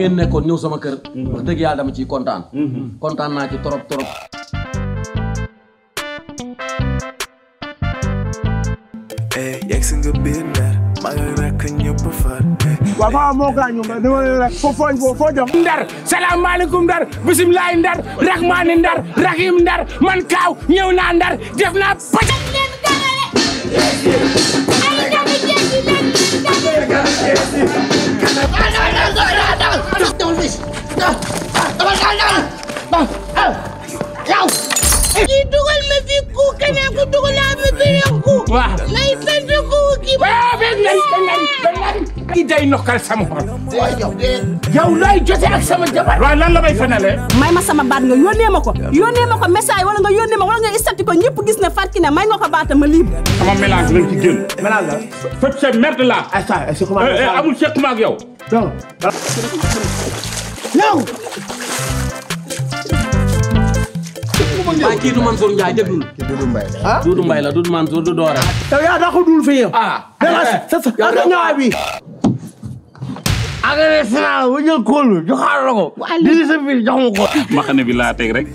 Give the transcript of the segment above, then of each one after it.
ngeen nekkoon ñëw sama kër. wax dëgg yàlla dama ciy kontaan. kontaan naa ci trop trop. yegg si ndar maa ngi rek ñëpp far. waaw maa moo kaa ñu ma dama leen rek foo foo foo jëm. ndar salaamaaleykum ndar bisimilaay ndar rahmaani ndar rahim ndar man kaaw ñëw naa ndar def naa ndar jéggi leen ndar Ki dugal ma fi ku kana ku dugala ma beneen ku. waaw may sant ku ki ba. waaw benn benn ki day nokkal sama xol. yow looy jote ak sama jabar. waaw lan la may fanalee. may ma sama baat nga yónnee ma ko. yónnee ma ko message wala nga yónnee ma wala nga istati ko ñëpp gis na Fatou Kiné may yow. waa kii du Mansour Ndiaye déglul. kii Doudou Mbaye la ah Doudou Mbaye du Dora. yaa dàqu dul fi yow. ah bi. agressé naa la ba jël kóolu joxaat la ko. lii sa biir jox ma ma xam ne teg rek.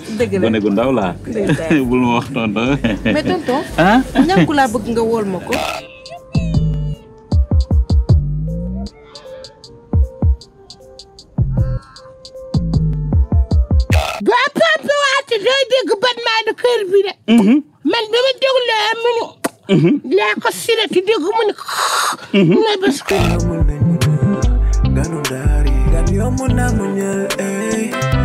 gone gu ndaw bul ma tonton. mais tonton. ah ñàkku laa bëgg nga wóol ma lekho sile tidi gumuni mhm. ganondari ganiyomunamunye eh?